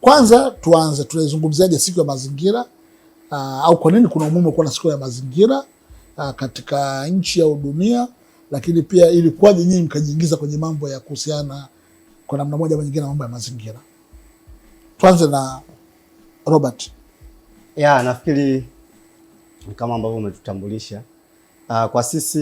Kwanza tuanze, tunaizungumziaje siku ya mazingira uh, au kwa nini kuna umuhimu wa kuwa na siku ya mazingira uh, katika nchi au dunia, lakini pia ilikuwaje nyinyi mkajiingiza kwenye mambo ya kuhusiana kwa namna moja au nyingine mambo ya mazingira? Tuanze na Robert. Ya, nafikiri kama ambavyo umetutambulisha uh, kwa sisi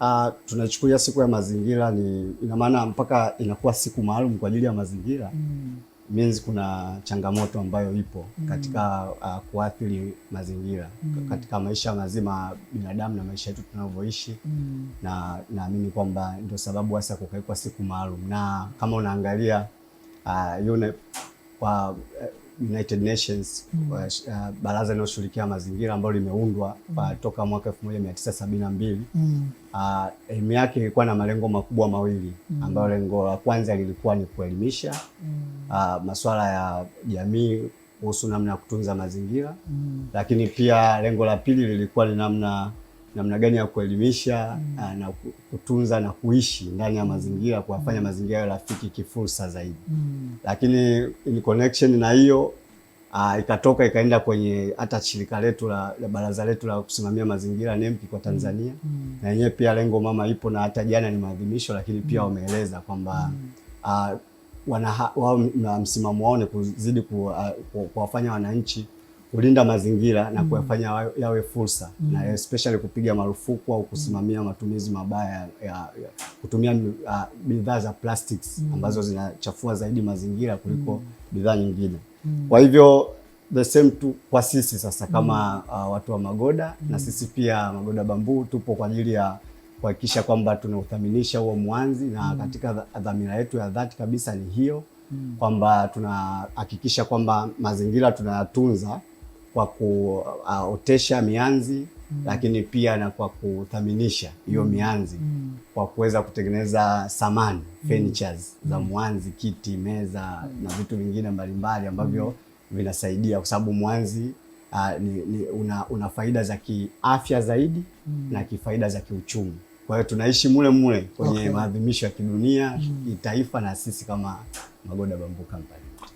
Uh, tunachukulia siku ya mazingira ni ina maana mpaka inakuwa siku maalum kwa ajili ya mazingira mm. Means kuna changamoto ambayo ipo mm. katika uh, kuathiri mazingira mm. katika maisha mazima binadamu na maisha yetu tunavyoishi mm. na naamini kwamba ndio sababu hasa kukawekwa siku maalum, na kama unaangalia uh, ah, yone, kwa, uh, United Nations mm. kwa, uh, baraza linaloshughulikia mazingira ambalo limeundwa mm. toka mwaka 1972 mm. uh, elimu yake ilikuwa na malengo makubwa mawili mm. ambayo lengo la kwanza lilikuwa ni kuelimisha mm. uh, masuala ya jamii kuhusu namna ya kutunza mazingira mm. lakini pia lengo la pili lilikuwa ni namna namna gani ya kuelimisha mm. Ah, na kutunza na kuishi ndani ya mazingira, kuwafanya mm. mazingira ya rafiki kifursa zaidi mm. lakini in connection na hiyo uh, ikatoka ikaenda kwenye hata shirika letu la, la baraza letu la kusimamia mazingira NEMC kwa mm. Tanzania mm. na yenyewe pia lengo mama ipo na hata jana ni maadhimisho, lakini pia mm. wameeleza kwamba uh, mm. ah, wana wao msimamo wao ni kuzidi kuwafanya uh, wananchi kulinda mazingira na mm. kuyafanya yawe fursa mm. na especially kupiga marufuku au kusimamia matumizi mabaya ya, ya kutumia ah, bidhaa za plastics mm. ambazo zinachafua zaidi mazingira kuliko mm. bidhaa nyingine mm. kwa hivyo the same tu kwa sisi sasa kama mm. uh, watu wa Magoda mm. na sisi pia Magoda Bambuu tupo kwa ajili ya kuhakikisha kwamba tunauthaminisha huo mwanzi na mm. katika dhamira yetu ya dhati kabisa ni hiyo mm. kwamba tunahakikisha kwamba mazingira tunayatunza kwa kuotesha uh, mianzi mm. lakini pia na kwa kuthaminisha hiyo mm. mianzi mm. kwa kuweza kutengeneza samani mm. furnitures za mm. mwanzi, kiti, meza mm. na vitu vingine mbalimbali ambavyo mm. vinasaidia kwa sababu mwanzi uh, ni, ni una, una faida za kiafya zaidi mm. na kifaida za kiuchumi. Kwa hiyo tunaishi mule mule kwenye okay. maadhimisho ya kidunia mm. kitaifa na sisi kama Magoda Bamboo Company